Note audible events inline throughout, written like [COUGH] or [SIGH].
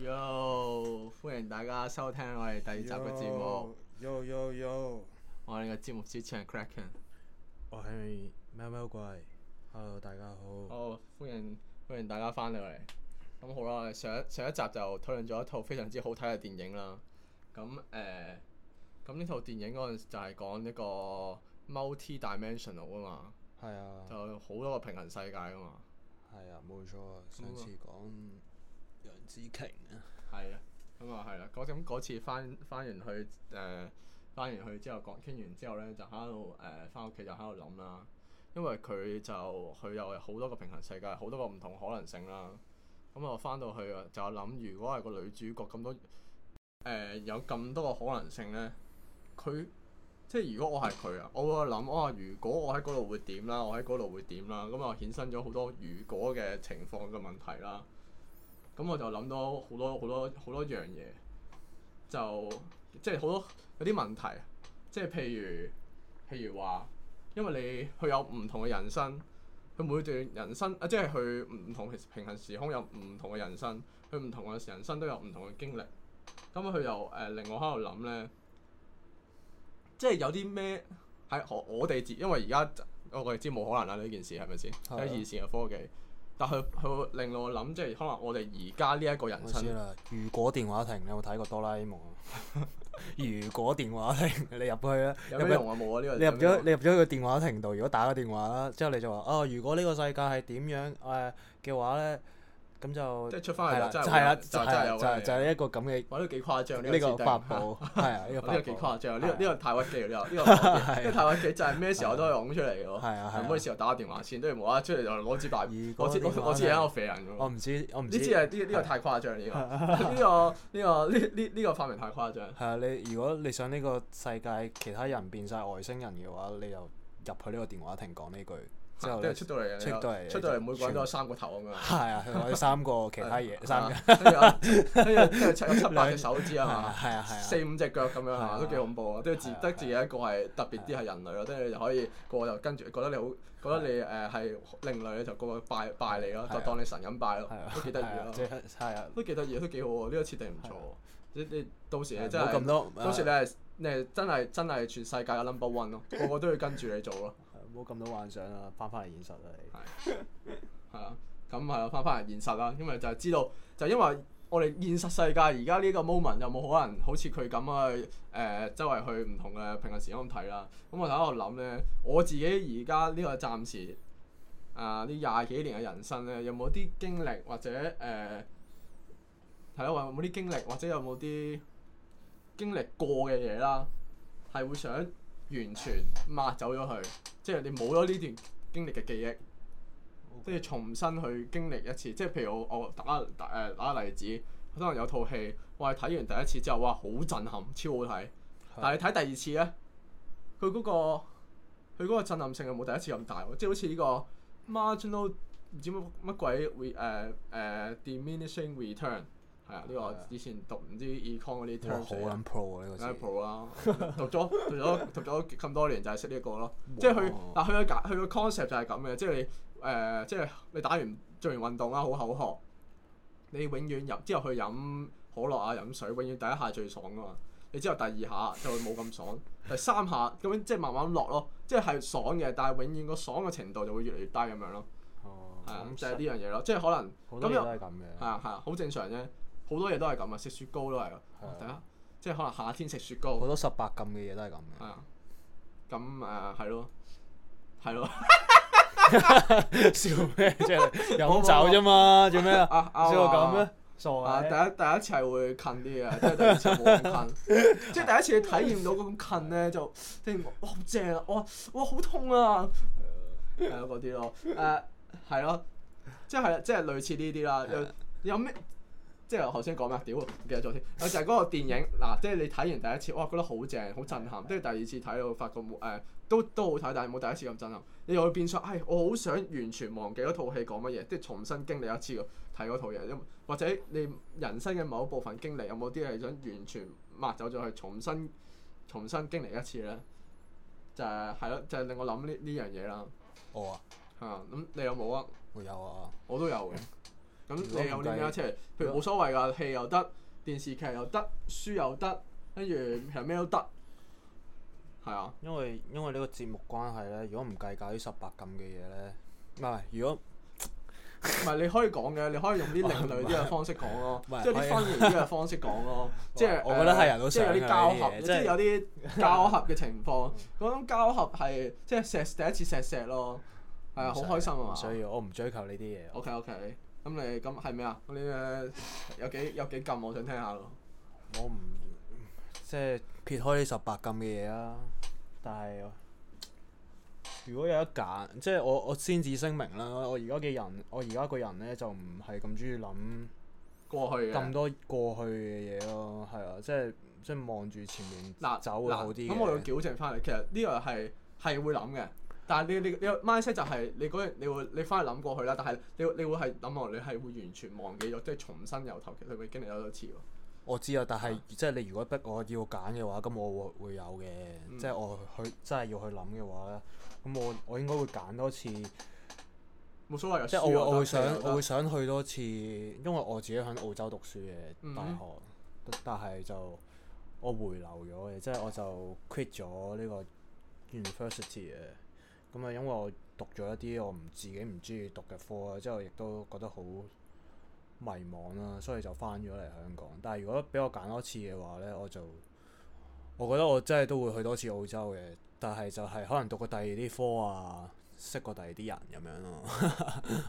Yo，歡迎大家收聽我哋第二集嘅節目。Yo yo yo，yo. 我哋嘅節目主持人 Cracken，我係喵喵怪，Hello，大家好，哦，oh，歡迎歡迎大家返嚟。咁好啦，上一上一集就討論咗一套非常之好睇嘅電影啦。咁誒，咁呢套電影嗰陣就係講呢個 multi-dimensional 啊嘛，係啊，就好多個平行世界啊嘛，係啊，冇錯，上次講楊紫瓊啊，係啊，咁啊係啦。嗰次翻翻完去誒，翻、呃、完去之後講傾完之後咧，就喺度誒翻屋企就喺度諗啦，因為佢就佢有好多個平行世界，好多個唔同可能性啦。咁我翻到去啊，就諗如果係個女主角咁多，誒、呃、有咁多個可能性咧，佢即係如果我係佢啊，我會諗啊，如果我喺嗰度會點啦，我喺嗰度會點啦，咁啊衍生咗好多如果嘅情況嘅問題啦。咁我就諗到好多好多好多樣嘢，就即係好多有啲問題，即係譬如譬如話，因為你佢有唔同嘅人生。佢每段人生啊，即係佢唔同平行時空有唔同嘅人生，佢唔同嘅人生都有唔同嘅經歷。咁佢又誒、呃、令我喺度諗呢，即係有啲咩喺我哋接，因為而家我哋知冇可能啦呢件事係咪先？喺是的 以前嘅科技，但係佢令到我諗，即係可能我哋而家呢一個人生。啦。如果電話亭，你有冇睇過哆啦 A 夢？如果電話亭，你入去咧，有咩用啊？冇啊呢個。你入咗，你入咗個電話亭度。如果打個電話啦，之後你就話：哦，如果呢個世界係點樣誒嘅、呃、話咧？咁就即係出翻嚟啦！就係啦，就真係有嘅，就係一個咁嘅。我覺得幾誇張呢個法寶，呢個法寶係啊，呢個法寶幾誇張？呢個呢個太屈機，呢個呢個太屈機，就係咩時候都可以講出嚟嘅喎。係啊係啊，咁可以時候打個電話，千都冇啦出嚟就攞支白，我知我我知一個肥人嘅。我唔知我唔知呢個太誇張呢個，呢個呢個呢呢呢個發明太誇張。係啊，你如果你想呢個世界其他人變晒外星人嘅話，你就入去呢個電話亭講呢句。即係出到嚟，出到嚟，每個人都有三個頭咁樣！係啊，同埋三個其他嘢，三個，跟住跟住七七百隻手指啊嘛！四五隻腳咁樣嚇，都幾恐怖啊！即係自得自己一個係特別啲係人類咯，即係你就可以個個就跟住覺得你好，覺得你誒係另類，就個個拜拜你咯，就當你神咁拜咯，都幾得意咯！係啊，都幾得意，都幾好喎！呢個設定唔錯，你你到時你真係咁多，到時你係你係真係真係全世界嘅 number one 咯，個個都要跟住你做咯。冇咁多幻想啦、啊，翻返嚟現實啦，係係啊，咁係 [LAUGHS] 啊，翻返嚟現實啦，因為就係知道，就係、因為我哋現實世界而家呢個 moment 有冇可能好似佢咁啊？誒、呃，周圍去唔同嘅平衡時間咁睇啦。咁、嗯、我喺度諗咧，我自己而家呢個暫時、呃呢有有呃、啊，啲廿幾年嘅人生咧，有冇啲經歷或者誒係咯，有冇啲經歷或者有冇啲經歷過嘅嘢啦，係會想，完全抹走咗佢，即係你冇咗呢段經歷嘅記憶，都要 Okay. 重新去經歷一次。即係譬如我我打大誒打，打個例子，可能有套戲我係睇完第一次之後，哇好震撼，超好睇。但係睇第二次咧，佢嗰個佢嗰個震撼性又冇第一次咁大，即係好似呢個 marginal 唔知乜乜鬼 re 誒、uh, uh, diminishing return。係啊，呢個以前讀唔知 econ 嗰啲 terms 好 unpro 呢個詞 unpro 啦，讀咗讀咗咁多年就係識呢一個咯。即係佢，但佢個佢個 concept 就係咁嘅，即係你誒，即係你打完做完運動啦，好口渴，你永遠入之後去飲可樂啊飲水，永遠第一下最爽噶嘛。你之後第二下就會冇咁爽，第三下咁樣即係慢慢落咯，即係係爽嘅，但係永遠個爽嘅程度就會越嚟越低咁樣咯。哦，係咁就係呢樣嘢咯，即係可能咁又都係咁嘅，係啊係啊，好正常啫。好多嘢都係咁啊，食雪糕都係啊，第一即係可能夏天食雪糕。好多十八禁嘅嘢都係咁。係啊，咁誒係咯，係咯。笑咩？即係飲酒啫嘛，做咩啊？十八禁咩？傻啊！第一第一次係會近啲嘅，即係第一次冇咁近。即係第一次你體驗到咁近咧，就即係哇好正啊！哇哇好痛啊！係啊，嗰啲咯，誒係咯，即係即係類似呢啲啦。有咩？即係我頭先講咩？屌，唔記得咗添。就係嗰個電影，嗱，即係你睇完第一次，哇，覺得好正、好震撼。跟住第二次睇，又發覺冇誒、哎，都都好睇，但係冇第一次咁震撼。你又會變相：唉、哎，我好想完全忘記嗰套戲講乜嘢，即係重新經歷一次睇嗰套嘢。或者你人生嘅某一部分經歷，有冇啲係想完全抹走咗去，重新重新經歷一次咧？就係係咯，就係令我諗呢呢樣嘢啦。我啊、嗯，嚇咁你有冇啊？我有啊，我都有嘅。咁你有啲咩咧？即係譬如冇所謂噶，戲又得，電視劇又得，書又得，跟住其實咩都得，係啊。因為因為呢個節目關係咧，如果唔計較啲十八禁嘅嘢咧，唔係如果唔係你可以講嘅，你可以用啲另類啲嘅方式講咯，即係啲婚禮啲嘅方式講咯，即係我覺得係人都想嘅嘢，即係有啲交合，即係有啲交合嘅情況，嗰種交合係即係錫第一次錫錫咯，係啊，好開心啊嘛。唔需要，我唔追求呢啲嘢。O K O K。咁你咁係咩啊？你啲有幾有幾禁？我想聽下咯。我唔即係撇開呢十八禁嘅嘢啦。但係如果有得揀，即係我我先至聲明啦。我而家嘅人，我而家個人咧就唔係咁中意諗過去咁多過去嘅嘢咯。係啊，即係即係望住前面走那會好啲。咁我要矯正翻嚟。其實呢個係係會諗嘅。但係你你 mindset 你 m i n d s e t 就係你嗰日，你會你翻去諗過去啦。但係你你會係諗落你係會完全忘記咗，即係重新由頭，其實會經歷多次喎。我知啊，但係、嗯、即係你如果逼我要揀嘅話，咁我會會有嘅，即係、嗯、我去真係要去諗嘅話咧，咁我我應該會揀多次，冇所謂即係我我會想我會想去多次，因為我自己喺澳洲讀書嘅大學，嗯、但係就我回流咗嘅，即係我就 quit 咗呢個 university 嘅。咁啊，因為我讀咗一啲我唔自己唔中意讀嘅科啊，之後亦都覺得好迷茫啦，所以就翻咗嚟香港。但係如果俾我揀多次嘅話咧，我就我覺得我真係都會去多次澳洲嘅。但係就係可能讀過第二啲科過 [LAUGHS] 啊，識過第二啲人咁樣咯，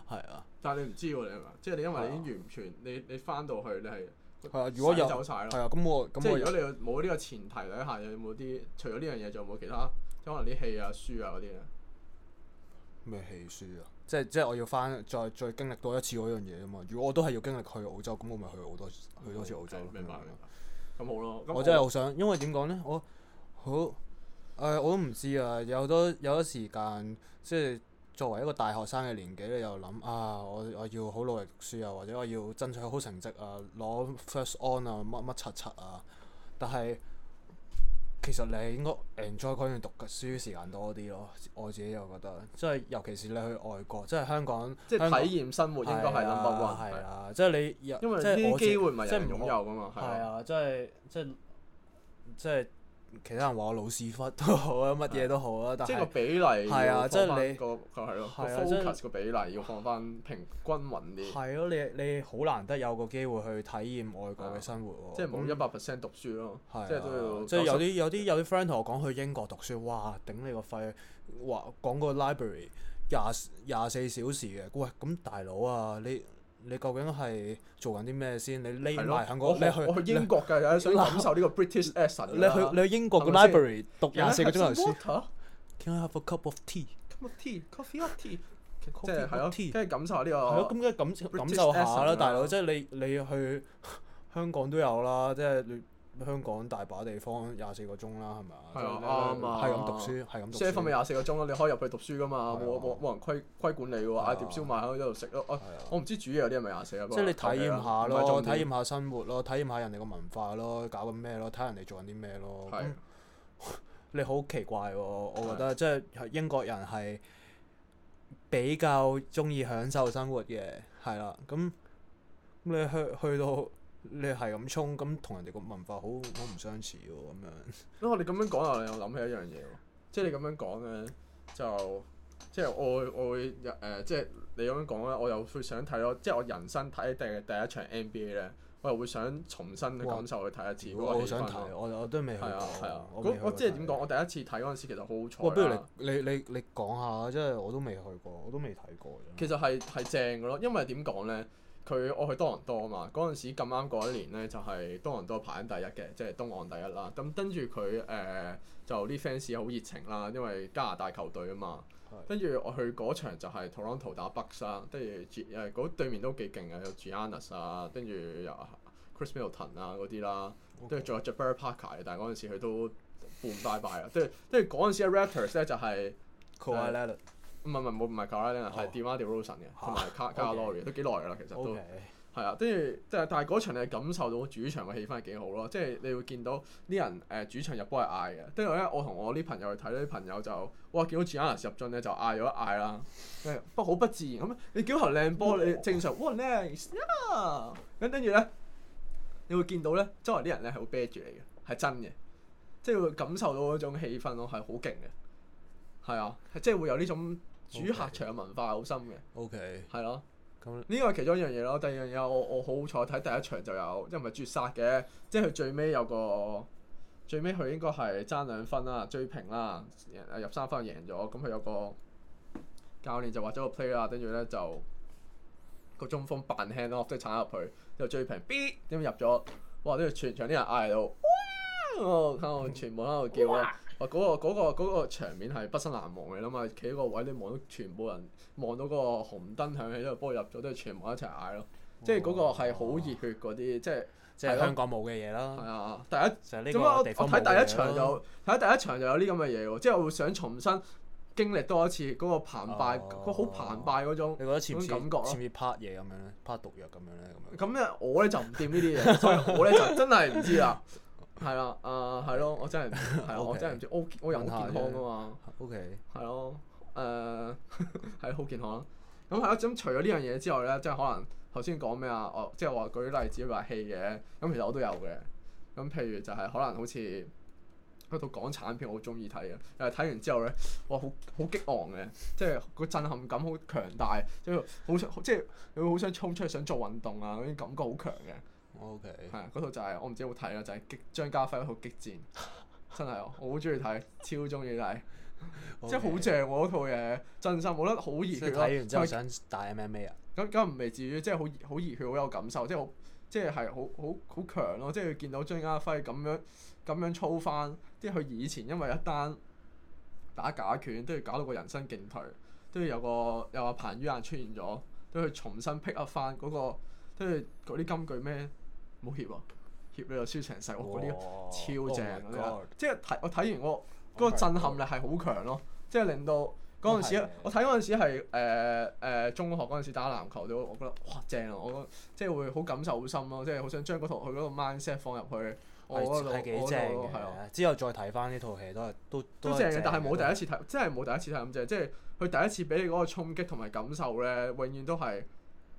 係啊。但係你唔知喎，你係咪？即係你因為你已經完全，啊、你你翻到去你係係啊！如果有係啊，咁我，咁我即係如果你冇呢個前提底下，有冇啲除咗呢樣嘢，仲有冇其他？即可能啲戲啊、書啊嗰啲咧。咩戲書啊？即係即係我要翻再再經歷多一次嗰樣嘢啊嘛！如果我都係要經歷去澳洲，咁我咪去好多、啊、去多次澳洲咯。明白咯。咁好咯！我真係好想，好因為點講呢？我好誒、呃，我都唔知啊！有多有多時間，即係作為一個大學生嘅年紀你又諗啊，我我要好努力讀書啊，或者我要爭取好成績啊，攞 first on 啊，乜乜柒柒啊，但係。其實你應該 enjoy 嗰段讀書時間多啲咯，我自己又覺得，即係尤其是你去外國，即係香港，即係體驗生活應該係 number one，係啊，即係你因為啲機會唔係人擁有㗎嘛，係啊，即係即係即係。其他人話我老屎忽都好啊，乜嘢都好啊，但即係個比例要放翻，係啊，即係你個係咯，focus 個比例要放翻平均勻啲。係咯、啊，你你好難得有個機會去體驗外國嘅生活喎。即係冇一百 percent 讀書咯，即係、啊、都要。即係有啲有啲有啲 friend 同我講去英國讀書，哇！頂你個肺，話講個 library 廿廿四小時嘅，喂咁大佬啊你。你究竟係做緊啲咩先？你匿埋喺香港，我你我去英國㗎，想感受呢個 British essence。你去你去英國嘅 library 讀廿四個鐘頭書，傾下個 cup of tea。cup of tea，coffee or tea？即係係咯，跟住感受下呢個。係咯，咁嘅感受感受下啦，大佬，即係你你去香港都有啦，即係。香港大把地方廿四個鐘啦，係咪啊？啱啊！係咁讀書，係咁讀書。瞓咪廿四個鐘咯，你可以入去讀書噶嘛？冇冇冇人規規管你喎！嗌碟燒賣喺度食咯，我我唔知煮嘢有啲係咪廿四個。即係你體驗下咯，再體驗下生活咯，體驗下人哋個文化咯，搞緊咩咯？睇人哋做緊啲咩咯？你好奇怪喎！我覺得即係英國人係比較中意享受生活嘅，係啦。咁咁你去去到。你係咁衝，咁同人哋個文化好好唔相似喎，咁樣。咁我你咁樣講又，我諗起一樣嘢喎，即係你咁樣講咧，就即係我我會誒、呃，即係你咁樣講咧，我又會想睇咯。即係我人生睇第第一場 NBA 咧，我又會想重新感受哇去睇一次。哇！我想睇，我我都未去過，係啊，係啊。我那我即係點講？我第一次睇嗰陣時其實好好彩啦。不如你你你你講下，即係我都未去過，我都未睇過。其實係係正嘅咯，因為點講咧？佢我去多倫多啊嘛，嗰陣時咁啱嗰一年呢，就係多倫多排緊第一嘅，即係東岸第一啦。咁跟住佢誒就啲 fans 好熱情啦，因為加拿大球隊啊嘛。跟住我去嗰場就係 Toronto 打北沙，跟住誒嗰對面都幾勁嘅，有 Giannis 啊，跟住又 Chris Middleton 啊嗰啲啦，跟住仲有 j a b a r Parker，但係嗰陣時佢都半大敗啊。跟住跟住嗰陣時 t Raptors 呢就係唔係唔係唔係 c o a o l i n e 啊，係電話調 resolution 嘅，同埋 Okay. 卡加 l a w r 都幾耐噶啦，其實都係 Okay. 啊，跟住即係但係嗰場你係感受到主場嘅氣氛係幾好咯，即係你會見到啲人誒、呃、主場入波係嗌嘅，跟住咧我同我啲朋友去睇咧，啲朋友就哇見到 Gianluca 入樽咧就嗌咗一嗌啦，跟住、嗯啊、不過好不自然咁，你見到頭靚波你正常哇 nice，咁跟住咧你會見到咧周圍啲人咧係會啤住你嘅，係真嘅，即係會感受到嗰種氣氛咯，係好勁嘅，係啊，啊，即係會有呢種。Okay. 主客場文化好深嘅，OK，係咯，呢個係其中一樣嘢咯。第二樣嘢我我好彩睇第一場就有，即係唔係絕殺嘅，即係佢最尾有個最尾佢應該係爭兩分啦，追平啦，入三分就贏咗。咁佢有個教練就畫咗個 play 啦，跟住咧就個中鋒扮輕咯，即係鏟入去，之後追平，B 點入咗，哇！跟住全場啲人嗌到，哇、 [LAUGHS] 哦！後全部喺度叫。 [LAUGHS] 嗰個嗰個嗰個場面係畢生難忘嚟啦，你諗下企喺個位，你望到全部人望到個紅燈響起，之後波入咗都係全部一齊嗌咯。即係嗰個係好熱血嗰啲，即係即係香港冇嘅嘢啦。係啊，第一，咁我睇第一場就睇第一場就有啲咁嘅嘢喎，即係我會想重新經歷多一次嗰個澎湃，哦啊、個好澎湃嗰種，嗰種感覺，似唔似拍嘢咁樣咧？拍毒藥咁樣咧？咁樣咧，我咧就唔掂呢啲嘢，所以我咧就真係唔知啦。 [LAUGHS] [LAUGHS] 係啦，誒係咯，我真係，係 Okay. 我真係唔知，我我人好健康噶嘛，OK，係咯，誒係好健康啦。咁係咯，咁、嗯、除咗呢樣嘢之外咧，即係可能頭先講咩啊，我即係話舉例子話戲嘅，咁其實我都有嘅。咁譬如就係可能好似一套港產片我，我好中意睇嘅，但係睇完之後咧，哇，好好激昂嘅，即係個震撼感好強大，即係好想即係會好想衝出去想做運動啊嗰啲感覺好強嘅。O K，係啊，嗰 Okay. 套就係、是、我唔知好睇啦，就係、是、張家輝嗰套《激戰》，真係我好中意睇，超中意睇，真係好正喎！嗰套嘢真心，我覺得好熱血咯。即係睇完之後想打 M M A 啊？咁咁唔未至於，即係好熱好熱血，好有感受，即係好即係係好好好強咯！即係見、啊、到張家輝咁樣咁樣操翻，即係佢以前因為一單打假拳都要搞到個人生勁退，都要有個有阿彭于晏出現咗，都要重新 pick up 翻嗰個，跟住嗰啲金句咩？冇怯，怯實個、哦、啊，怯你就輸成世，我嗰啲超正，即係睇我睇完嗰個嗰個震撼力係好強咯，即係令到嗰陣時，我睇嗰陣時係誒誒中學嗰陣時打籃球都，我覺得嘩正啊！我覺得即係會好感受好深咯，即係好想將嗰套佢嗰個、那個、mindset 放入去我嗰、那、度、個。係幾正嘅，那個啊、之後再睇返呢套戲都都都正嘅，但係冇第一次睇，即係冇第一次睇咁正，即係佢第一次俾你嗰個衝擊同埋感受咧，永遠都係。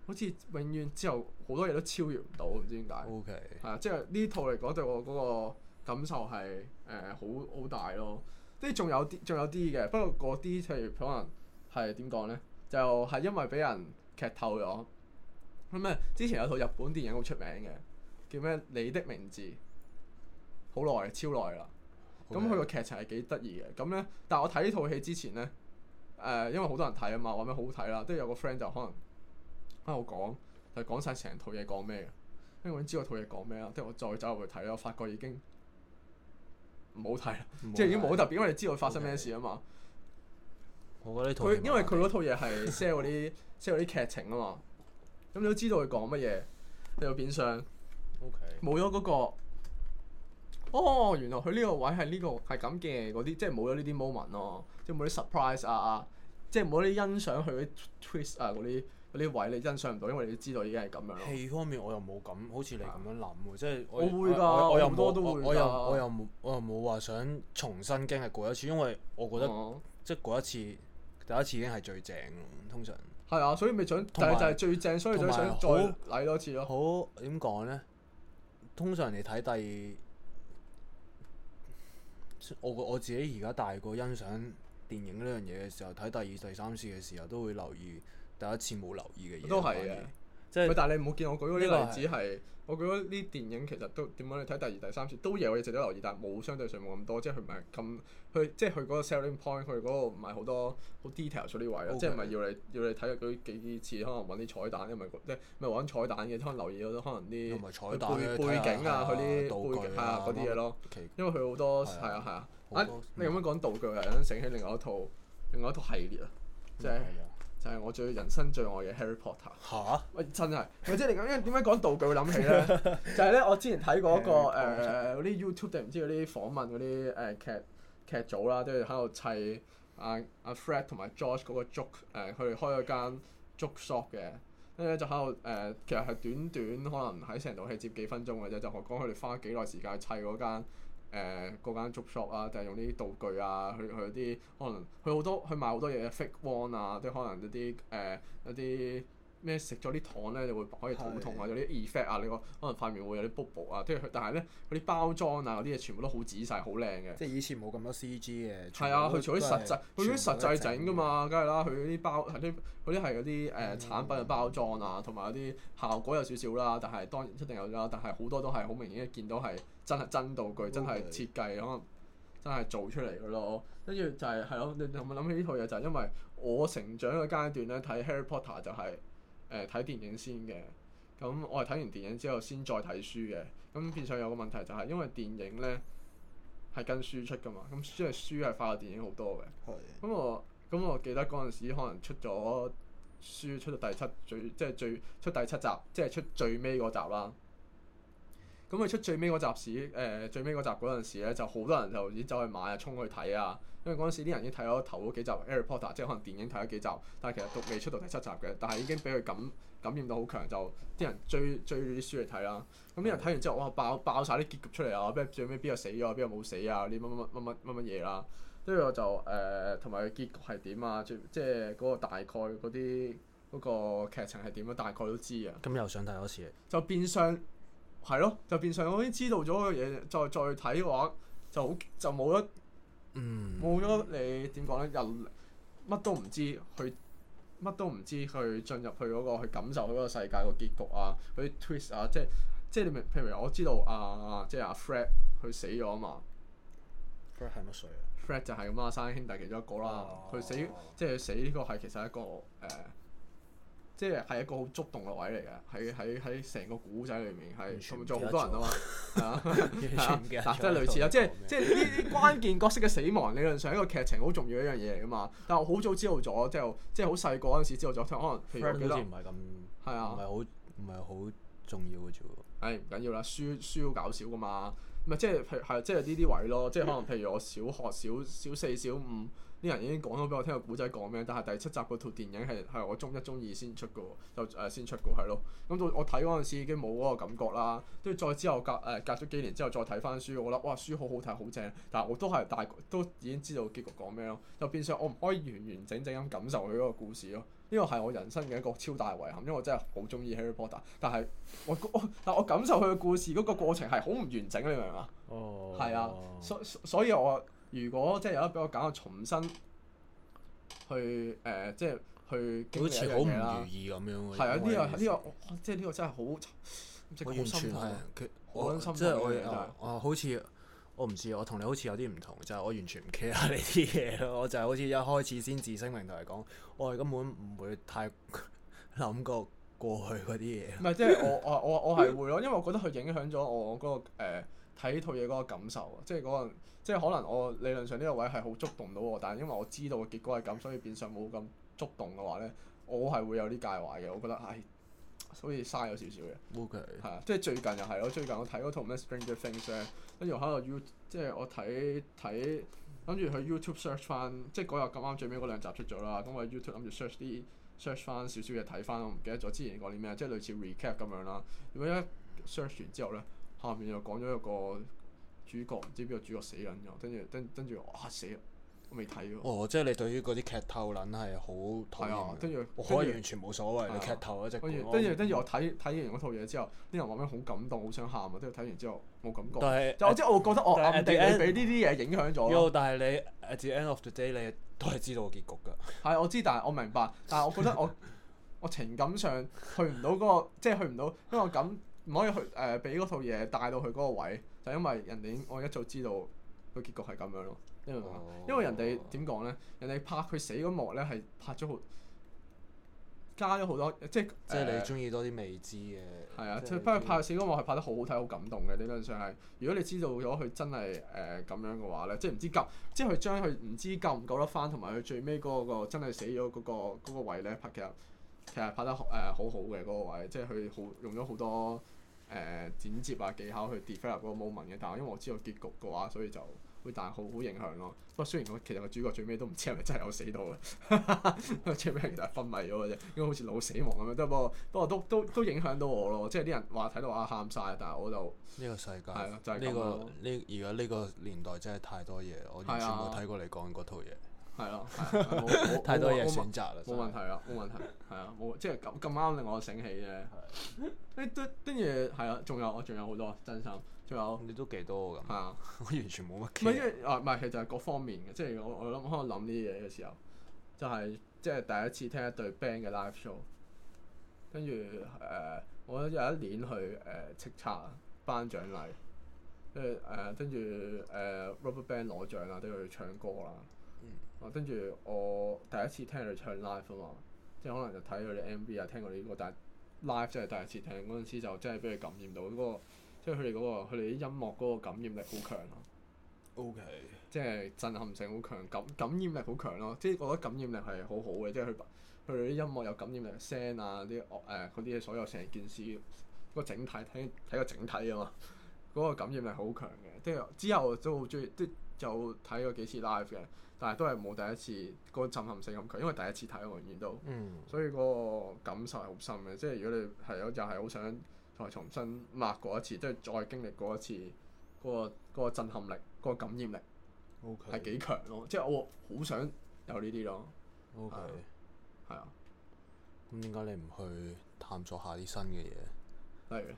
好似永遠之後好多嘢都超越唔到，唔知點解。OK。係啊，即係呢套嚟講對我嗰、那個感受係誒好好大咯。即係仲有啲仲有啲嘅，不過嗰啲譬如可能係點講呢？就係、是、因為俾人劇透咗咁咩。之前有套日本電影好出名嘅，叫咩？你的名字，好耐超耐啦。咁佢個劇情係幾得意嘅。咁呢，但係我睇呢套戲之前呢，誒、呃、因為好多人睇啊嘛，話咩好睇啦、啊，都有個 friend 就可能。喺度講就講晒成套嘢講咩嘅。因為我已經知道套嘢講咩啦。跟住我再走入去睇啦，我發覺已經唔好睇啦，即係已經冇特別，因為你知道發生咩事啊嘛。我覺得呢套，因為佢嗰套嘢係 sell 嗰啲 sell 啲劇情啊嘛。咁你都知道佢講乜嘢，有變相冇咗嗰個哦。原來佢呢個位係呢個係咁嘅嗰啲，即係冇咗呢啲 moment 咯，即係冇啲 surprise 啊，即係冇啲欣賞佢啲 twist 啊嗰啲。嗰啲位你欣賞唔到，因為你都知道已經係咁樣咯。戲方面我又冇咁好似你咁樣諗喎，即係我會㗎，我又多都會我。我又我又冇我又冇話想重新經歷過一次，因為我覺得、嗯、即係過一次第一次已經係最正，通常係啊，所以咪想有就就係最正，所以想再睇多次咯。好點講咧？通常你睇第二我我自己而家大個欣賞電影呢樣嘢嘅時候，睇第二、第三次嘅時候都會留意。第一次冇留意嘅嘢，都係嘅。喂，但係你唔好見我舉嗰啲例子係，我舉嗰啲電影其實都點樣？你睇第二、第三次都有嘢值得留意，但係冇相對上冇咁多。即係佢唔係咁，佢即係佢嗰個 selling point，佢嗰度唔係好多好 detail 出啲位咯。即係唔係要你要你睇佢幾次，可能揾啲彩蛋，因為即係咪揾彩蛋嘅，可能留意到可能啲背景啊，佢啲背景啊嗰啲嘢咯。因為佢好多係啊係啊。你咁樣講道具啊，又醒起另外一套另外一套系列啊，即係。就係我最人生最愛嘅 Harry Potter。吓哈？喂，真係，或者你咁，因為點解講道具會諗起咧？ [LAUGHS] 就係咧，我之前睇過一、嗰個誒嗰啲 YouTube 定唔知嗰啲訪問嗰啲誒劇劇組啦，都係喺度砌阿阿 Fred 同埋 George 嗰個 Joke 誒、呃，佢哋開咗間 Joke shop 嘅，跟、呃、住就喺度誒，其實係短短可能喺成套戲接幾分鐘嘅啫，就講佢哋花幾耐時間砌嗰間。誒嗰、呃、間足 shop 啊，就係用呢啲道具啊，去去一啲可能去好多去買好多嘢，fake one、er、啊，都可能一啲誒、呃、一啲。咩食咗啲糖咧，你會可以肚痛啊，的有啲 effect 啊。你個可能塊面會有啲 bubble 啊，跟住但係咧嗰啲包裝啊，嗰啲嘢全部都好仔細，好靚嘅。即係以前冇咁多 CG 嘅。係啊，佢除咗實際，佢啲實際整㗎嘛，梗係啦。佢啲包係啲佢啲係嗰啲誒產品嘅包裝啊，同埋、mm hmm. 有啲效果有少少啦，但係當然一定有啦。但係好多都係好明顯見到係真係真道具，Okay. 真係設計可能真係做出嚟㗎咯。跟住就係係咯，你係咪諗起呢套嘢？就係因為我成長嘅階段咧睇 Harry Potter 就係、是。誒睇電影先嘅，咁我係睇完電影之後先再睇書嘅，咁變相有個問題就係，因為電影呢係跟書出㗎嘛，咁書係書係快過電影好多嘅。咁、oh. 我咁我記得嗰陣時可能出咗書出到第七最，即係最出第七集，即係出最尾嗰集啦。咁佢出最尾嗰集時，誒、呃、最尾嗰集嗰陣時咧，就好多人就已經走去買啊，衝去睇啊。因為嗰陣時啲人已經睇咗頭嗰幾集《Harry Potter，》 [MUSIC] 即係可能電影睇咗幾集，但係其實讀未出到第七集嘅，但係已經俾佢感感染到好強，就啲人追追住啲書嚟睇啦。咁啲人睇完之後，哇爆爆曬啲結局出嚟啊！咩最尾邊個死咗，邊個冇死啊？啲乜乜乜乜乜乜乜嘢啦？跟住、啊、我就誒，同埋佢結局係點啊？即係嗰個大概嗰啲嗰個劇情係點啊？大概都知啊。咁又想睇多次。就變相。係咯，就變相我已經知道咗嘅嘢，再再睇嘅話，就好就冇得。冇咗、mm. 你點講咧？人乜都唔知，去乜都唔知去進入去嗰、嗰個去感受嗰個世界個結局啊，嗰啲 twist 啊，即係即係你明？譬如我知道啊，即、就、係、是、啊 Fred 佢死咗啊嘛。Fred 係乜水啊？Fred 就係咁啊，生兄弟其中一個啦。佢、oh. 死，即係佢死呢個係其實一個誒。呃即係一個好觸動嘅位嚟嘅，喺喺喺成個古仔裏面係做做好多人啊嘛，嗱即係類似啦，即係即係呢啲關鍵角色嘅死亡，理論上一個劇情好重要一樣嘢嚟噶嘛。但係我好早知道咗，即係即係好細個嗰陣時知道咗，即可能譬如好似唔係咁，係啊，唔係好唔係好重要嘅啫喎。誒唔緊要啦，書書好搞笑噶嘛，咪，係即係係即係呢啲位咯，即係可能譬如我小學小小四小五。啲人已經講咗俾我聽個古仔講咩，但係第七集嗰套電影係係我中一中二先出嘅，就誒先、呃、出嘅，係咯。咁到我睇嗰陣時已經冇嗰個感覺啦。跟住再之後隔誒、呃、隔咗幾年之後再睇翻書，我覺得哇書好好睇，好正。但係我都係大都已經知道結局講咩咯，就變相我唔可以完完整整咁感受佢嗰個故事咯。呢個係我人生嘅一個超大遺憾，因為我真係好中意 Harry Potter，但係我我但係我感受佢嘅故事嗰、那個過程係好唔完整，你明唔明？哦，係啊，所以所以我。如果即係有得俾我揀，我重新去誒、呃，即係去。好似好唔如意咁樣。係啊樣，呢、這個呢、這個、哦、即係呢個真係好。即我完全係，我好心。即係我啊，好似我唔知，我同你好似有啲唔同，就係、是、我完全唔 care 呢啲嘢咯。我就係好似一開始先自聲明同你講，我係根本唔會太諗過過去嗰啲嘢。唔係， [LAUGHS] 即係我我我我係會咯，因為我覺得佢影響咗我嗰、那個、呃睇套嘢嗰個感受，即係可能，即係可能我理論上呢個位係好觸動到我，但係因為我知道嘅結果係咁，所以變相冇咁觸動嘅話咧，我係會有啲介懷嘅。我覺得，唉，好似嘥咗少少嘅。O K。係啊，即係最近又係咯。最近我睇嗰套咩《Stranger Things》，跟住我喺度 You，即係我睇睇，諗住喺 YouTube search 翻，即係嗰日咁啱最尾嗰兩集出咗啦。咁我喺 YouTube 諗住 search 啲 search 翻少少嘢睇翻，我唔記得咗之前講啲咩，即係類似 recap 咁樣啦。如果一 search 完之後咧～下面又講咗一個主角，唔知邊個主角死緊咗，跟住跟跟住，哇死啊！我未睇喎。哦，即係你對於嗰啲劇透撚係好睇啊？跟住我完全冇所謂。劇透嗰直跟住跟住跟住。我睇睇完嗰套嘢之後，啲人話咩好感動，好想喊啊！跟住睇完之後冇感覺。就即係我覺得我暗地裏俾呢啲嘢影響咗。但係你 at the end of the day，你都係知道個結局㗎。係我知，但係我明白，但係我覺得我我情感上去唔到嗰個，即係去唔到，因為我感。唔可以去誒，俾、呃、嗰套嘢帶到去嗰個位，就是、因為人哋我一早知道個結局係咁樣咯。因為因為人哋點講咧，人哋拍佢死嗰幕咧係拍咗好加咗好多，即係即係你中意多啲未知嘅。係啊，即係不過拍佢死嗰幕係拍得好好睇、好感動嘅。理論上係，如果你知道咗佢真係誒咁樣嘅話咧，即係唔知夠，即係佢將佢唔知夠唔夠得翻，同埋佢最尾嗰、嗰個嗰個真係死咗嗰、嗰個嗰個位咧拍劇。其實拍得誒、呃、好好嘅嗰、嗰個位，即係佢好用咗好多誒、呃、剪接啊技巧去 develop 嗰個 moment 嘅。但係因為我知道結局嘅話，所以就會但係好好影響咯。不過雖然我其實個主角最尾都唔知係咪真係有死到嘅， [LAUGHS] 最尾其實昏迷咗嘅啫，應該好似腦死亡咁樣。不過不過都都，都，都影響到我咯，即係啲人話睇到啊喊晒。但係我就呢個世界，呢、就係呢個呢而家呢個年代真係太多嘢，我完全冇睇過你講嗰套嘢。係咯， [LAUGHS] 太多嘢選擇啦，冇 [LAUGHS] 問題啊，冇問題，係啊，冇，即係咁咁啱令我醒起啫。誒、 [LAUGHS] 欸，都跟住係啊，仲有我仲有好多真心，仲有你都幾多㗎，係啊、嗯， [LAUGHS] 我完全冇乜，唔係，其實係、啊、各方面嘅，即係我我諗喺度諗呢啲嘢嘅時候，就係即係第一次聽一對 band 嘅 live show，跟住誒，我有一年去誒叱咤頒獎禮，跟住誒，跟住誒，Rubber Band 攞獎啦，都要去唱歌啦。跟住我第一次聽佢唱 live 啊嘛，即係可能就睇佢啲 MV 啊，聽佢啲歌，但係 live 真係第一次聽嗰陣時就真係俾佢感染到嗰、嗰個，即係佢哋嗰個佢哋啲音樂嗰個感染力好強咯。OK，即係震撼性好強，感感染力好強咯、啊，即係我覺得感染力係好好嘅，即係佢佢哋啲音樂有感染力聲、啊，聲啊啲樂誒嗰啲所有成件事、嗰個整體聽睇個整體啊嘛，嗰、嗰個感染力好強嘅，即係之後都好中意，即係就睇過幾次 live 嘅。但係都係冇第一次嗰、嗰個、震撼性咁強，因為第一次睇我仍然都，嗯、所以嗰感受係好深嘅。即係如果你係又係好想再重新抹過一次，即係再經歷過一次嗰、嗰個嗰個震撼力、嗰、嗰個感染力，係幾強咯。即係我好想有呢啲咯。O K，係啊。咁點解你唔去探索下啲新嘅嘢？例如？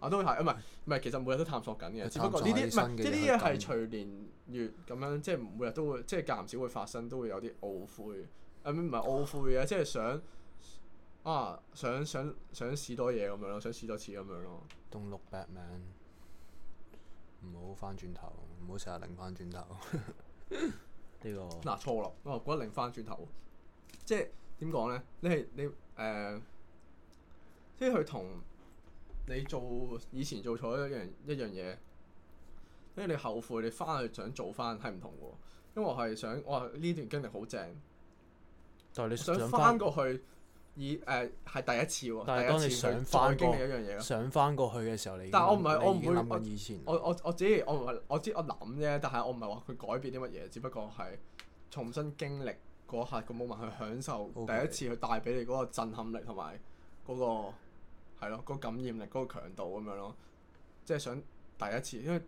我、啊、都係，唔係唔係，其實每日都探索緊嘅，只不過呢啲唔係，呢啲係隨年月咁樣，去樣，即每日都會，即間唔少會發生，都會有啲懊悔，誒唔係懊悔嘅，即係想啊想想想試多嘢咁樣咯，想試多，想試多次咁樣咯。Don't look Batman 唔好翻轉頭，唔好成日擰翻轉頭。呢 [LAUGHS] 這個嗱錯啦，我覺得擰翻轉頭，即點講咧？你係你誒、呃，即佢同。你做以前做錯一樣一樣嘢，跟住你後悔，你翻去想做翻係唔同嘅喎。因為我係想，我話呢段經歷好正，但係你我想翻過去以，以誒係第一次喎。但你 第一次再經歷一樣嘢咯。想翻過去嘅時候你，但你但係我唔係我唔會諗我我我只係我唔係我知我諗啫，但係我唔係話佢改變啲乜嘢，只不過係重新經歷嗰刻嘅 moment 去享受第一次佢帶俾你嗰個震撼力同埋嗰個。Okay. 係咯，嗰、那個、感染力、嗰、那個強度咁樣咯，即係想第一次，因為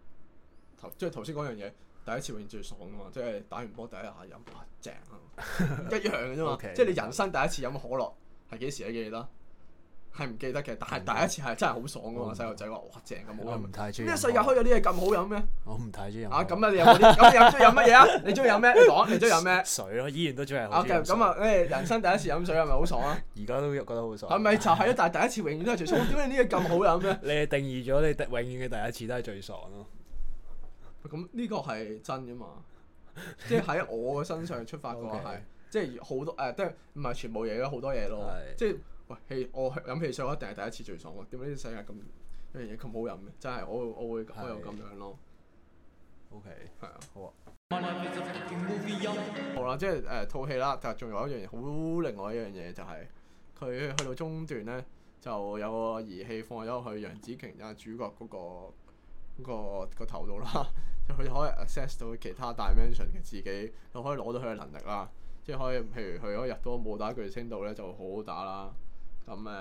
頭即係頭先嗰樣嘢，第一次永遠最爽啊嘛，即係打完波第一下飲，哇、啊、正啊， [LAUGHS] 一樣嘅啫嘛，Okay. 即係你人生第一次飲可樂係幾時啊記唔記得？係唔記得嘅，但係第一次係真係好爽噶嘛！細路仔話：哇，正咁！我唔太中意。呢個世界開有啲嘢咁好飲咩？我唔太中意飲。啊咁啊！你有冇啲咁？你有中意飲乜嘢啊？你中意飲咩？講你中意飲咩？水咯，依然都中意飲。啊，咁啊！人生第一次飲水係咪好爽啊？而家都覺得好爽。係咪就係咯？但係第一次永遠都係最爽。點解呢嘢咁好飲咩？你係定義咗你永遠嘅第一次都係最爽咯。咁呢個係真噶嘛？即係喺我嘅身上出發嘅話係，即係好多誒，都唔係全部嘢好多嘢咯，即係。喂，氣我飲汽水，我一定係第一次最爽喎。點解呢啲世界咁一樣嘢咁好飲嘅？真係我我會可以咁樣咯。的 OK，係啊，好啊。好啦，即係誒套戲啦，但係仲有一樣嘢好，另外一樣嘢就係、是、佢去到中段咧，就有個儀器放咗去楊紫瓊啊主角嗰、那個嗰、那個、那個頭度啦，就 [LAUGHS] 佢可以 access 到其他 dimension 嘅自己，就可以攞到佢嘅能力啦，即係可以譬如佢可以入到武打巨星度咧，就好好打啦。咁誒，咁、嗯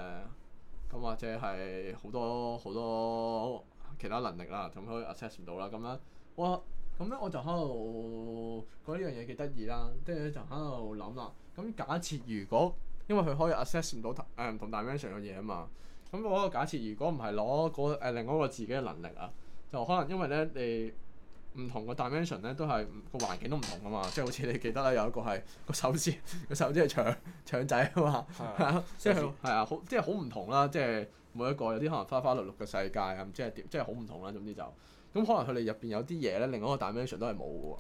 嗯、或者係好多好多其他能力啦，仲可以 access 唔到、嗯嗯嗯嗯、啦。咁樣，我咁樣我就喺度覺得呢樣嘢幾得意啦，跟住咧就喺度諗啦。咁假設如果因為佢可以 access 唔到誒唔同 dimension 嘅嘢啊嘛，咁、嗯、我個假設如果唔係攞個誒、啊、另一個自己嘅能力啊，就可能因為咧你。唔同個 dimension 咧，都係個環境都唔同噶嘛，即係好似你記得啦，有一個係個手指，個手指係腸腸仔啊嘛，係啊，即係係啊，即係好唔同啦，即係每一個有啲可能花花綠綠嘅世界啊，唔知係點，即係好唔同啦，總之就咁可能佢哋入邊有啲嘢咧，另外一個 dimension 都係冇嘅喎。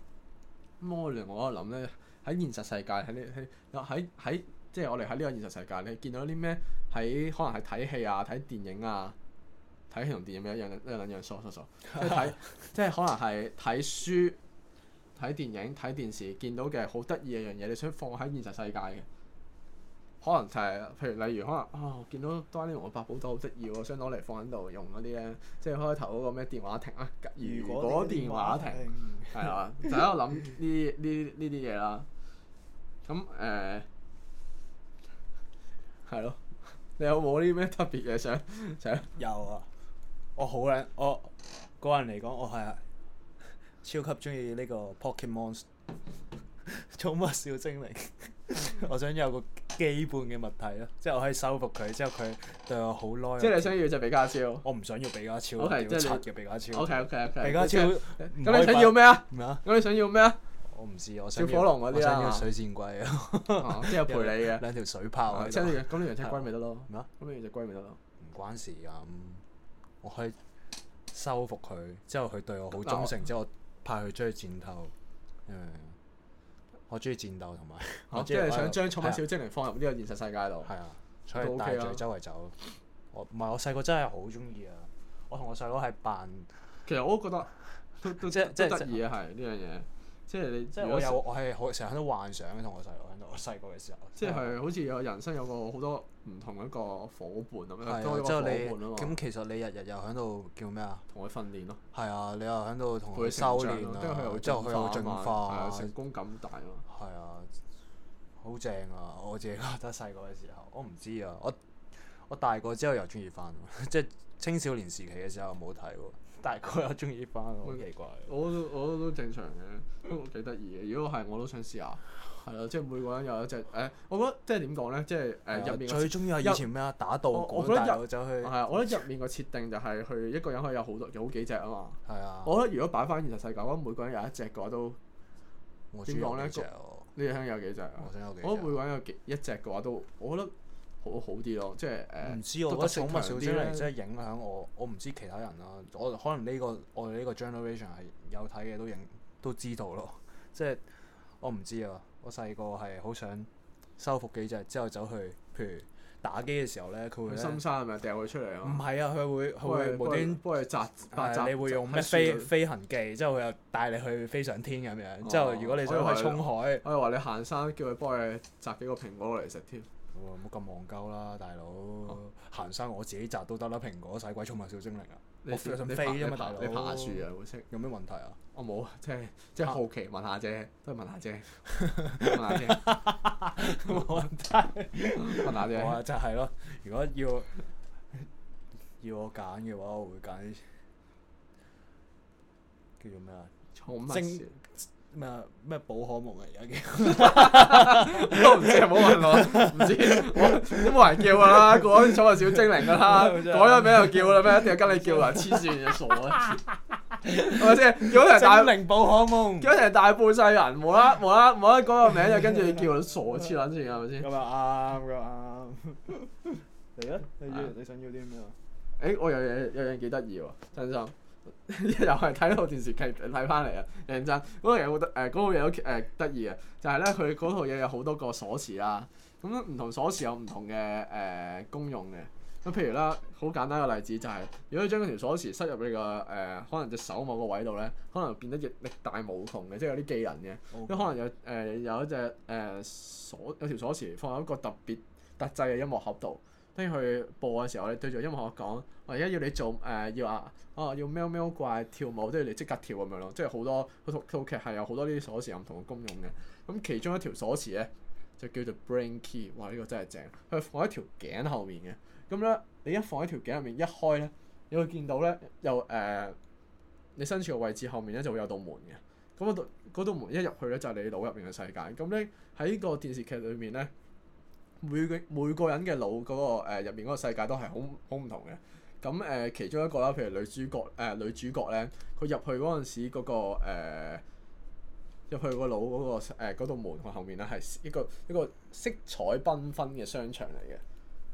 咁我另外一個我諗咧，喺現實世界喺你喺喺喺，即係我哋喺呢個現實世界，你見到啲咩？喺可能係睇戲啊，睇電影啊。睇戲同電影一樣，一樣兩樣，傻傻傻。即係睇，即係可能係睇書、睇電影、睇電視，見到嘅好得意嘅樣嘢，你想放喺現實世界嘅，可能就係、是、譬如例如可能啊、哦，見到哆啦 A 夢嘅百寶袋好得意啊，想攞嚟放喺度用嗰啲咧，即係開頭嗰個咩電話亭啊。如果電話亭係啊，就喺度諗呢呢呢啲嘢啦。咁誒係咯，你有冇啲咩特別嘅想？想有啊。我好靚！我個人嚟講，我係超級中意呢個 Pokemon，寵物小精靈。我想有個基本嘅物體咯，即係我可以收服佢，之後佢對我好耐。即係你想要隻比卡超？我唔想要比卡超，我係要七嘅比卡超。O K O K O K。比卡超。咁你想要咩啊？咩咁你想要咩啊？我唔知，我小火龍嗰啲啊。我想要水箭龜啊，即係陪你嘅。兩條水炮。咁你養隻龜咪得咯？咁你養隻龜咪得咯？唔關事啊。去收服佢，之後佢對我好忠誠，之後我派佢出去戰鬥。誒，我中意戰鬥同埋，我即係想將《寵物小精靈》放入呢個現實世界度，係啊，所以帶住佢周圍走。我唔係，我細個真係好中意啊！我同我細佬係扮，其實我都覺得都都即係得意啊！係呢樣嘢。即係你，即係我有我係好成日喺度幻想嘅，同我細佬喺度，我細個嘅時候，即係好似有人生有個好多唔同一個伙伴咁樣。係之後你咁其實你日日又喺度叫咩啊？同佢訓練咯。係啊，你又喺度同佢修煉啊。之後佢又進化啊嘛。係啊，成功咁大啊嘛。係啊，好正啊！我自己覺得細個嘅時候，我唔知啊，我我大個之後又鍾意翻，即 [LAUGHS] 係青少年時期嘅時候冇睇喎。大概都鍾意返，好奇怪我都。我我都都正常嘅，都幾得意嘅。如果係，我都想試下。係啊，即係每個人有一隻。誒、欸，我覺得即係點講咧，即係誒入面。最鍾意係以前咩啊？打道。我覺得入就去。係啊，我覺得入面個設定就係去一個人可以有好多好幾隻啊嘛。係啊的。我覺得如果擺返現實世界，我覺得每個人有一隻嘅話都。點講咧？呢隻香有幾隻、哦、我想、哦、得每個人有幾一隻嘅話都，我覺得。好好啲咯，即係寵物小精靈，即係影響我。我唔知其他人啦，我可能呢個我哋呢個 generation 係有睇嘅，都影都知道咯。即係我唔知啊，我細個係好想收服幾隻，之後走去譬如打機嘅時候咧，佢會去深山係咪掟佢出嚟啊？唔係啊，佢會佢會無端幫你摘，誒你會用咩飛飛行技，之後又帶你去飛上天咁樣。之後如果你想，我係衝海，我係話你行山，叫佢幫你摘幾個蘋果落嚟食添。冇咁憨鳩啦，大佬！行山我自己摘都得啦，蘋果使鬼寵物小精靈啊！我想飛啫嘛，大佬！你爬樹啊？會識？有咩問題啊？我冇啊，即係即係好奇問下啫，都係問下啫，問下啫，冇問題。問下啫。我啊就係咯，如果要要我揀嘅話，我會揀啲叫做咩啊？寵物。咩咩寶可夢嚟，而家叫都唔知，唔好問我，唔知，都冇人叫噶啦，講咗寵物小精靈噶啦，改咗名就叫啦咩，一定係跟你叫啦，黐線嘅傻，係咪先？叫咗人哋大寶可夢，叫咗人大半世人，冇啦，冇啦，冇啦，改個名就跟住叫，傻黐撚線，係咪先？咁啊啱，咁啊啱。嚟啦，你要你想要啲咩？誒，我有嘢，有嘢幾得意喎，真心。 [LAUGHS] 又係睇套電視劇睇翻嚟啊，認真嗰個嘢好得誒，嗰個嘢都誒得意啊！就係咧，佢嗰套嘢有好多、呃、多個鎖匙啦、啊，咁唔同鎖匙有唔同嘅誒、呃、功用嘅。咁譬如啦，好簡單嘅例子就係、是，如果你將嗰條鎖匙塞入你個誒、呃、可能隻手某個位度咧，可能變得越力大無窮嘅，即係有啲技能嘅。咁 Okay. 可能有誒、呃、有一隻誒、呃、鎖有條鎖匙放喺一個特別特製嘅音樂盒度。跟去播嘅時候，我哋對住音樂學講，我而家要你做誒、呃，要啊，哦、啊，要喵喵怪跳舞，即係你即刻跳咁樣咯。即係好多，套套劇係有好多呢啲鎖匙，唔同嘅功用嘅。咁其中一條鎖匙咧，就叫做 Brain Key。哇！呢、這個真係正，佢放喺條頸後面嘅。咁咧，你一放喺條頸入面一開咧，你會見到咧，又誒、呃，你身處嘅位置後面咧就會有道門嘅。咁道嗰道門一入去咧，就係、是、你腦入面嘅世界。咁咧喺呢個電視劇裏面咧。每個每個人嘅腦嗰個誒入面嗰個世界都係好好唔同嘅。咁誒其中一個啦，譬如女主角誒女主角咧，佢入去嗰陣時嗰個誒入去個腦嗰個誒嗰道門後面咧，係一個一個色彩繽紛嘅商場嚟嘅，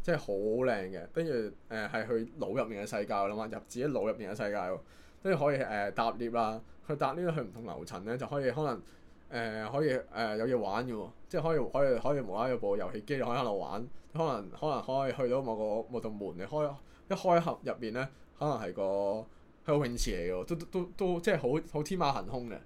即係好靚嘅。跟住誒係去腦入面嘅世界㗎嘛，入自己腦入面嘅世界喎，跟住可以誒搭 lift 啦，佢搭 lift 去唔同樓層咧就可以可能。誒、呃、可以誒、呃、有嘢玩嘅喎，即係可以可以可以無啦啦有部遊戲機，你可以喺度玩。可能可能可以去到某個某道門，你開,開一開閂入邊呢，可能係個係個泳池嚟嘅喎，都都都即係好好天馬行空嘅。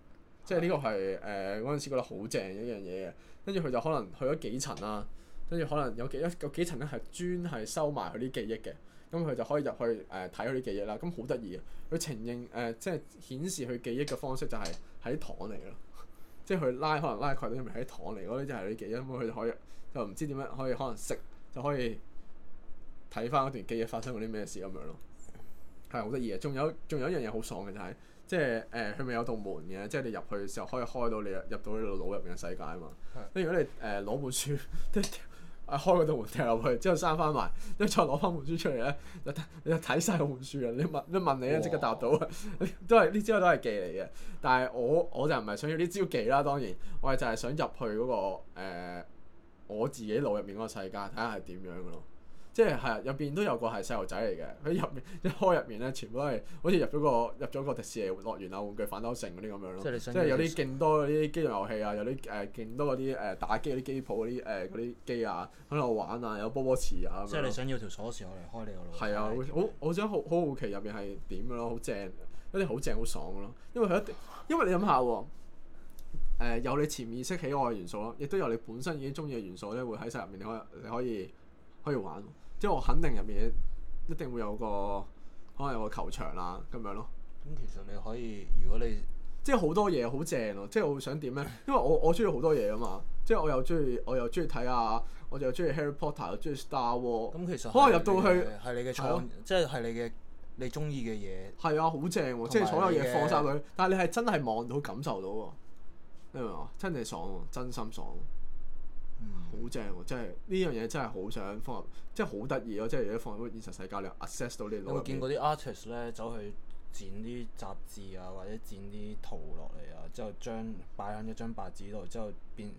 即係呢個係誒嗰陣時覺得好正一樣嘢嘅。跟住佢就可能去咗幾層啦、啊，跟住可能有幾有幾層呢係專係收埋佢啲記憶嘅，咁、嗯、佢就可以入去誒睇佢啲記憶啦。咁好得意啊！佢呈現誒、呃、即係顯示佢記憶嘅方式就係喺糖嚟嘅咯。即係佢拉可能拉攏到啲咩喺糖嚟，嗰啲就係啲記憶，咁佢就可以就唔知點樣可以可能食就可以睇翻嗰段記憶發生過啲咩事咁樣咯，係好得意嘅。仲有仲有，有一樣嘢好爽嘅就係、是呃，即係誒佢咪有道門嘅，即係你入去嘅時候可以開到你入到你個腦入邊嘅世界啊嘛。咁的如果你誒攞、呃、本書， [LAUGHS] 開嗰道門掉入去，之後閂翻埋，之後再攞翻本書出嚟咧，就睇，就睇曬本書啊！你問，一問你咧，即刻答到哇都係呢招都係技嚟嘅，但係我我就唔係想要呢招技啦，當然我係就係想入去嗰、那個誒、呃、我自己腦入面嗰個世界，睇下係點樣咯。即係係入邊都有個係細路仔嚟嘅，佢入面一開入面咧，全部都係好似入咗個入咗個迪士尼樂園啊、玩具反斗城嗰啲咁樣咯，即係有啲勁多嗰啲機動遊戲啊，有啲誒勁多嗰啲誒打機嗰啲機鋪嗰啲誒嗰啲機啊，喺度玩啊，有波波池啊。即係你想要條鎖匙我嚟開你個腦。係啊，好、啊、我，我想好好好奇入邊係點嘅咯，好正，一啲好正好爽嘅咯，因為佢一定，因為你諗下喎，誒、呃、有你潛意識喜愛嘅元素咯，亦都有你本身已經中意嘅元素咧，會喺曬入面你，你可你可以可以玩。即係我肯定入面一定會有個可能有個球場啦咁樣咯。咁其實你可以，如果你即係好多嘢好正咯，即係我會想點咧？因為我我中意好多嘢啊嘛，即係我又中意我又中意睇下，我又有中意 Harry Potter，又中意 Star War。咁其實可能入到去係你嘅菜，即係係你嘅你中意嘅嘢。係啊，好正喎！即係所有嘢放晒佢，但係你係真係望到感受到啊！你明唔明？真係爽喎，真心爽。嗯、好正喎、哦！真係呢樣嘢真係好想放入，即係好得意咯！即係如果放入咗現實世界裏，access 到呢啲落。因為見過啲 artist 咧，走去剪啲雜誌啊，或者剪啲圖落嚟啊，之後將擺喺一張白紙度，之後變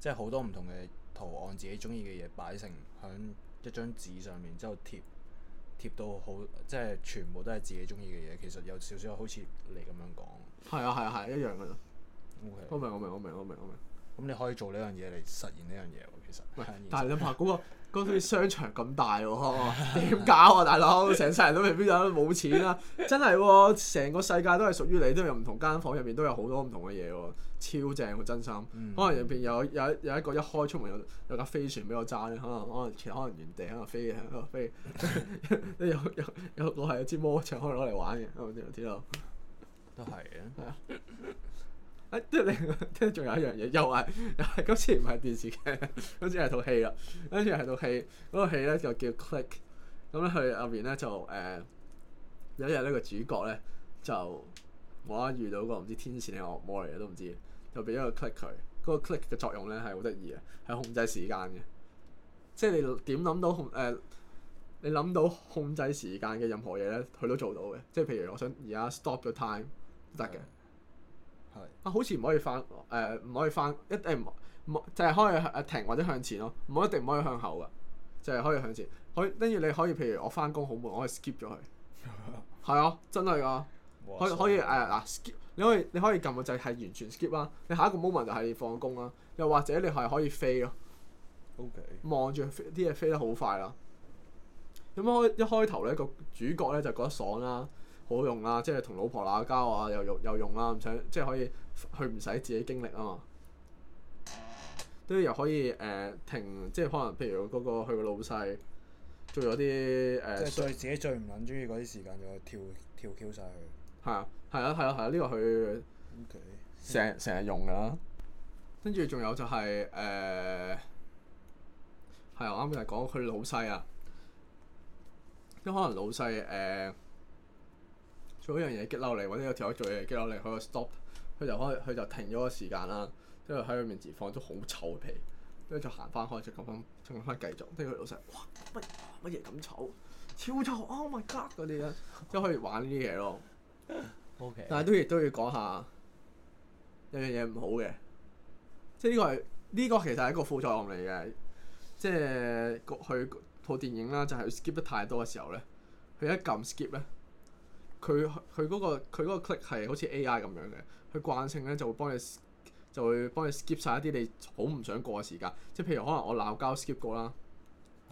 即係好多唔同嘅圖案，自己中意嘅嘢擺成喺一張紙上面，之後貼貼到好，即係全部都係自己中意嘅嘢。其實有少少好似你咁樣講。係啊，係啊，係啊，一樣嘅。OK。我明，我明，我明，我明，我明。咁、嗯、你可以做呢樣嘢嚟實現呢樣嘢喎，其實。喂實但係你諗下，嗰 [LAUGHS] 個嗰個商場咁大喎，點搞啊大佬？成世人都未必有冇錢啊。真係喎！成、啊、 [LAUGHS] 個世界都係屬於你，都有唔同間房入邊都有好多唔同嘅嘢喎，超正喎，真心。嗯、可能入邊有有有一個一開出門有有架飛船俾我揸咧，可能可能其可能原地喺、啊、度飛嘅喺度飛，啊飛啊 [LAUGHS] 有。有有有個有支魔杖，可能攞嚟玩嘅。我都係嘅。係啊。是 [LAUGHS] 即係你聽，仲 [LAUGHS] 有一樣嘢，又係又係，今次唔係電視劇，今次係套戲啦。跟住係套戲，嗰個戲咧就叫 Click、嗯。咁咧佢入面咧就誒、呃、有一日呢個主角咧就我啊遇到個唔知天使定惡魔嚟嘅都唔知，就俾咗個 Click 佢。嗰、那個 Click 嘅作用咧係好得意嘅，係控制時間嘅。即係你點諗到控誒、呃？你諗到控制時間嘅任何嘢咧，佢都做到嘅。即係譬如我想而家 stop 咗 time 都得嘅。Yeah. 啊，好似唔可以返，誒、呃、唔可以返，一定唔唔就係、是、可以停或者向前咯，唔好一定唔可以向後噶，就係、是、可以向前，可以跟住你可以譬如我返工好悶，我可以 skip 咗佢，係啊， [LAUGHS] 真係噶塞，可以可以誒嗱 skip，你可以你可以撳個掣係完全 skip 啦，你下一個 moment 就係你放工啦，又或者你係可以飛咯，OK，望住啲嘢飛得好快啦，咁、嗯、開一開頭咧個主角咧就覺得爽啦。好，好用啊！即係同老婆鬧交啊，又用又用啊！唔想即係可以，佢唔使自己經歷啊嘛。啲又可以誒、呃、停，即係可能譬如嗰、那個佢個老細做咗啲誒，呃、即係對自己最唔撚中意嗰啲時間，就係、跳跳 Q 晒佢。係啊，係啊，係啊，呢、啊啊這個佢成成日用㗎啦。跟住仲有就係、是、誒，呃、啊，我啱啱講佢老細啊，因為可能老細誒。呃做一樣嘢激嬲你，揾一個條友做嘢激嬲你，佢個 stop，佢就可以佢就停咗個時間啦，跟住喺佢面前放咗好臭嘅屁，跟住就行翻開，再撳翻，再撳翻繼續。跟住佢老細，哇，乜乜嘢咁臭，超臭，Oh my God 嗰啲咧，即係可以玩呢啲嘢咯。OK，但係都亦都要講下有樣嘢唔好嘅，即係呢個係呢個其實係一個副作用嚟嘅，即係佢套電影啦，就係 skip 得太多嘅時候咧，佢一撳 skip 咧。佢佢嗰個佢嗰個 click 係好似 AI 咁樣嘅，佢慣性咧就，就會幫你 skip，就會幫你 skip 晒一啲你好唔想過嘅時間，即係譬如可能我鬧交 skip 過啦，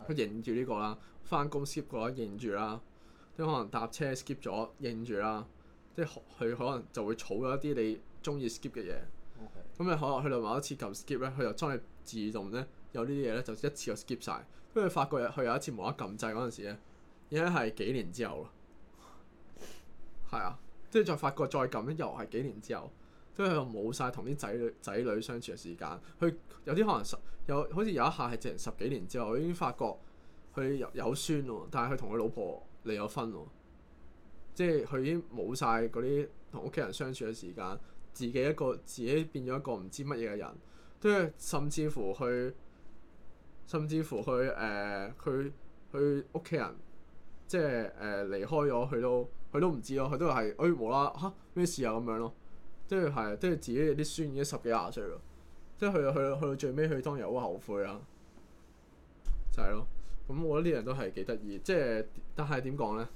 佢認住呢個啦，翻工 skip 過啦認住啦，啦，即可能搭車 skip 咗認住啦，即係佢可能就會儲咗一啲你中意 skip 嘅嘢。咁你 Okay. 可能去到某一次撳 skip 咧，佢又將你自動咧，有呢啲嘢咧就一次過 skip 晒。跟住發覺佢有一次無啦啦撳掣嗰陣時咧，已經係幾年之後啦。係啊，即係再發覺再撳又係幾年之後，即係冇晒同啲仔女仔女相處嘅時間。佢有啲可能十有，好似有一下係直情十幾年之後，已經發覺佢有有孫喎，但係佢同佢老婆離咗婚喎，即係佢已經冇晒嗰啲同屋企人相處嘅時間，自己一個自己變咗一個唔知乜嘢嘅人，即係甚至乎去，甚至乎去誒，佢佢屋企人即係誒、呃、離開咗，佢都，佢都唔知咯，佢都係，欸冇啦嚇咩事啊咁樣咯，啊，即係係，即係自己啲孫已經十幾廿歲咯，即係去到去到去到最尾，佢當然好後悔啦，就係咯。咁我覺得呢樣都係幾得意，即係但係點講咧？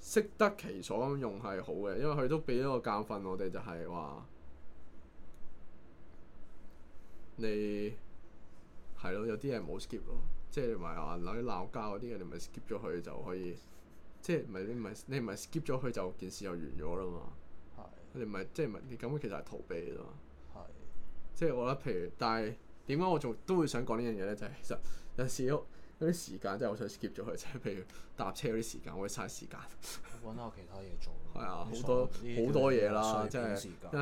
適得其所咁用係好嘅，因為佢都俾咗個教訓我哋，就係話你係咯，有啲嘢唔好 skip 咯，即係你咪話？嗱啲鬧交嗰啲人有，你咪 skip 咗佢就可以。即係唔係你唔係你唔係 skip 咗佢就件事就完咗啦嘛？係是的 你唔係即係唔係，咁其實係逃避㗎嘛。是的 即係我覺得譬如，但係點解我仲都會想講呢樣嘢咧？就係、是、其實有時要。有啲時間真係好想 skip 咗佢，即係譬如搭車嗰啲時間，我嘥時間。揾下其他嘢做。啊， [LAUGHS] 好多好多嘢啦，即係有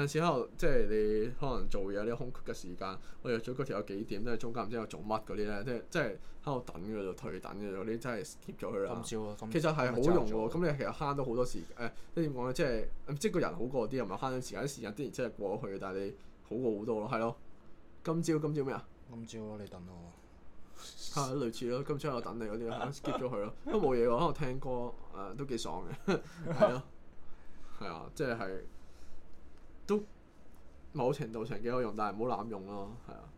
陣時喺度，即係你可能做嘢有啲空隙嘅時間，我約咗嗰條友幾點咧？中間唔知喺度做乜嗰啲咧，即係即係喺度等嘅就退等嘅嗰啲，你真係 skip 咗佢啦。今朝啊，今其實係好用喎，咁你、啊、其實慳咗好多時誒，點講咧，即係即係個人好過啲啊，唔係慳緊時間啲時間，雖然之後過咗去，但係你好過好多咯，係咯。今朝今朝咩啊？今朝、今朝、啊、你等我。係、啊、類似咯，今朝我等你嗰啲 [LAUGHS] ，skip 咗佢咯，都冇嘢噶，喺度聽歌，誒、呃，都幾爽嘅，係咯，係 [LAUGHS] 啊，啊，即係都某程度上幾有用，但係唔好濫用咯，係啊，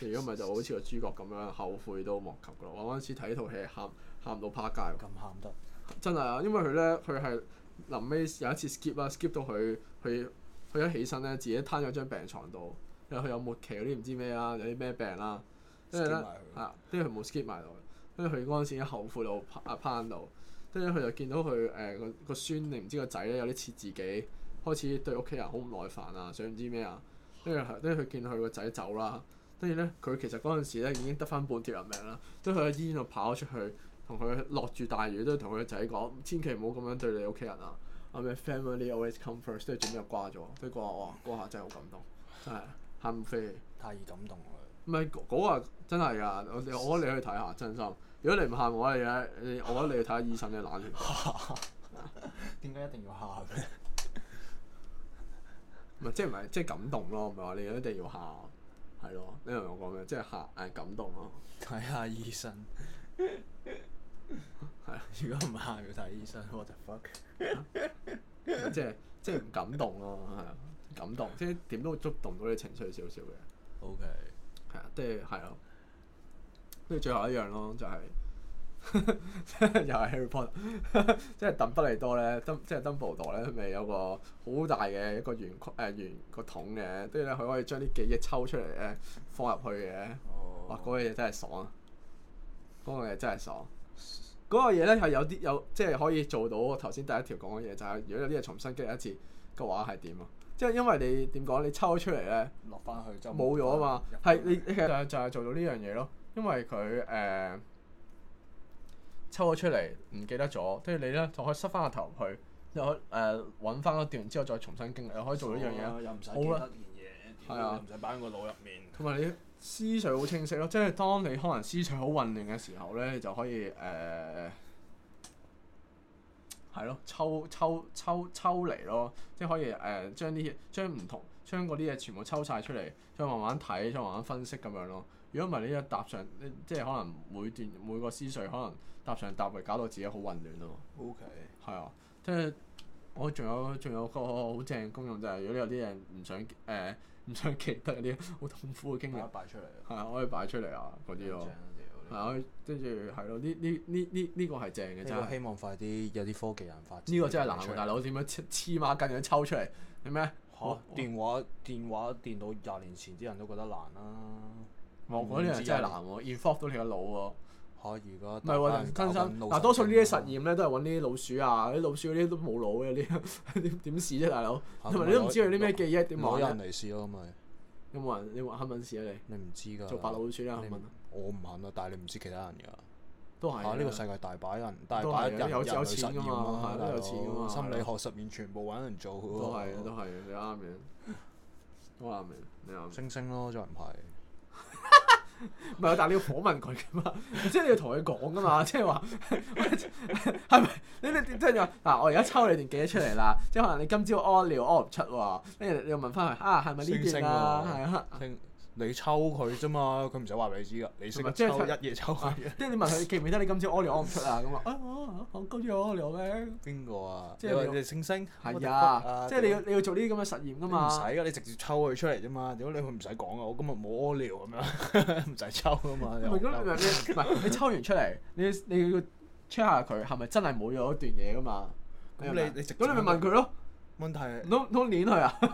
如果唔係就好似個主角咁樣，後悔都莫及噶啦。我嗰陣時睇套戲，喊喊到趴街，咁喊得， [LAUGHS] 真係啊，因為佢咧，佢係臨尾有一次 skip 啦，skip 到佢，佢佢一起身咧，自己癱咗張病床度，因為佢有末期嗰啲唔知咩啊，有啲咩病啦。跟住咧，呢了啊，因為佢冇 skip 埋到，跟住佢嗰陣時一後悔到，啊，趴到，跟住佢就見到佢誒個個孫，你唔知個仔咧有啲似自己，開始對屋企人好唔耐煩啊，想唔知咩啊，跟住係，跟住佢見佢個仔走啦，跟住咧佢其實嗰陣時咧已經得翻半條人命啦，跟住佢喺醫院度跑咗出去，同佢落住大雨都同佢個仔講，千祈唔好咁樣對你屋企人啊，我嘅 family always come first，都係轉頭掛咗，都係嗰下，嗰、就是、下真係好感動，係，喊飛，太易感動。唔係嗰個真係噶，我我覺得你去睇下真心。如果你唔喊，我而家你我覺得你去睇下醫生嘅冷血。點解 [LAUGHS] 一定要喊嘅？唔係即係唔係即係感動咯？唔係話你一定要喊係咯？你話我講咩？即係喊誒感動咯。睇下醫生係啦。如果唔喊要睇醫生，我就 fuck 即係即係唔感動咯，係啊，感動 [LAUGHS] 即係點都觸動到你情緒少少嘅。O K。即係係咯，跟住最後一樣咯，就係、是、 [LAUGHS] 又係是 Harry Potter，即係鄧不利多咧，即係鄧布利多咧，佢咪有個好大嘅一個圓誒、呃、圓個桶嘅，跟住咧佢可以將啲記憶抽出嚟咧放入去嘅，oh. 哇！嗰個嘢真係爽啊，嗰、啊那個嘢真係爽，嗰個嘢咧係有啲有即係、就是、可以做到頭先第一條講嘅嘢，就係、是、如果有啲嘢重新經歷一次嘅話係點啊？即係因為你點講？你抽咗出嚟咧，落翻去就冇咗啊嘛。係去你其實就係、是就是、做到呢樣嘢咯。因為佢誒、呃、抽咗出嚟唔記得咗，跟住你咧就可以塞翻個頭入去，又可誒揾翻嗰段，之後再重新經歷又可以做呢樣嘢。又唔使記得件嘢係吧啊，唔使擺喺個腦入面。同埋你思緒好清晰咯，即係當你可能思緒好混亂嘅時候咧，你就可以誒、呃係咯，抽抽抽抽離咯，即係可以誒將啲嘢，將唔同，將嗰啲嘢全部抽晒出嚟，再慢慢睇，再慢慢分析咁樣咯。如果唔係，你一搭上，即係可能每段每個思緒，可能搭上搭嚟，搞到自己好混亂咯。OK。係啊，即係我仲有仲有個好正嘅功用就係，如果你有啲嘢唔想誒唔、呃、想記得嗰啲好痛苦嘅經歷，係啊，可以擺出嚟啊，嗰啲咯。係咯，跟住係咯，呢呢呢呢呢個係正嘅真係。希望快啲有啲科技人發展。呢個真係難，大佬點樣黐黐孖筋咁抽出嚟？點咩？可電話電話電腦廿年前啲人都覺得難啦。我覺得啲人真係難喎，inform 到你個腦喎。可如果但係喎，真心嗱，多數呢啲實驗咧都係揾啲老鼠啊，啲老鼠嗰啲都冇腦嘅，啲點試啫，大佬？同埋你都唔知佢啲咩記憶，啲冇人嚟試咯，咪有冇人？你揾黑蚊試啊你？你唔知㗎。做白老鼠啦，黑蚊。我唔肯啊，但係你唔知其他人噶，都係啊。呢個世界大把人，大把人有錢噶嘛，都有錢噶嘛。心理學實驗全部揾人做。都係啊，都係你啱嘅。我啱嘅，你啱。星星咯，再唔係。唔係啊，但係你要訪問佢噶嘛，即係你要同佢講噶嘛，即係話係咪？你你即係話嗱，我而家抽你段記憶出嚟啦，即係可能你今朝屙尿屙唔出喎，跟住你又問翻佢啊，係咪呢件？」啊？係啊。你抽佢啫嘛，佢唔使話畀你知噶，你識咪抽一夜抽下嘢。即係你問佢記唔記得你今朝屙尿屙唔出啊？咁話啊，我我今朝有屙尿咩？邊個啊？即係你哋星星？係啊，即係你要你要做呢啲咁嘅實驗㗎嘛？唔使㗎，你直接抽佢出嚟啫嘛。如果你佢唔使講啊，我今日冇屙尿咁樣，唔使抽㗎嘛。如果你唔係你抽完出嚟，你你要 check 下佢係咪真係冇咗一段嘢㗎嘛？咁你你如果你咪問佢咯。問題都都捻佢啊， [LAUGHS] 扭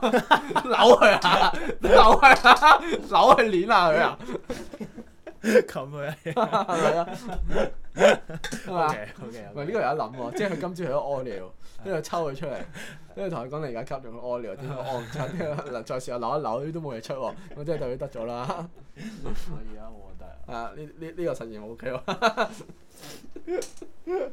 佢啊了， [LAUGHS] 扭佢他啊了，扭佢捻下佢啊，吸佢係咪啊？係咪？ [LAUGHS] 唔係呢個有得諗喎，即係佢今朝去咗屙尿，跟住抽佢出嚟，跟住同佢講你而家吸咗個屙尿，點講？哦，真嘅，嗱再試下扭一扭都冇嘢出，咁即係代表得咗啦。可以啊， [LAUGHS] [LAUGHS] 我得啊。啊，呢呢呢個實驗我 OK 喎。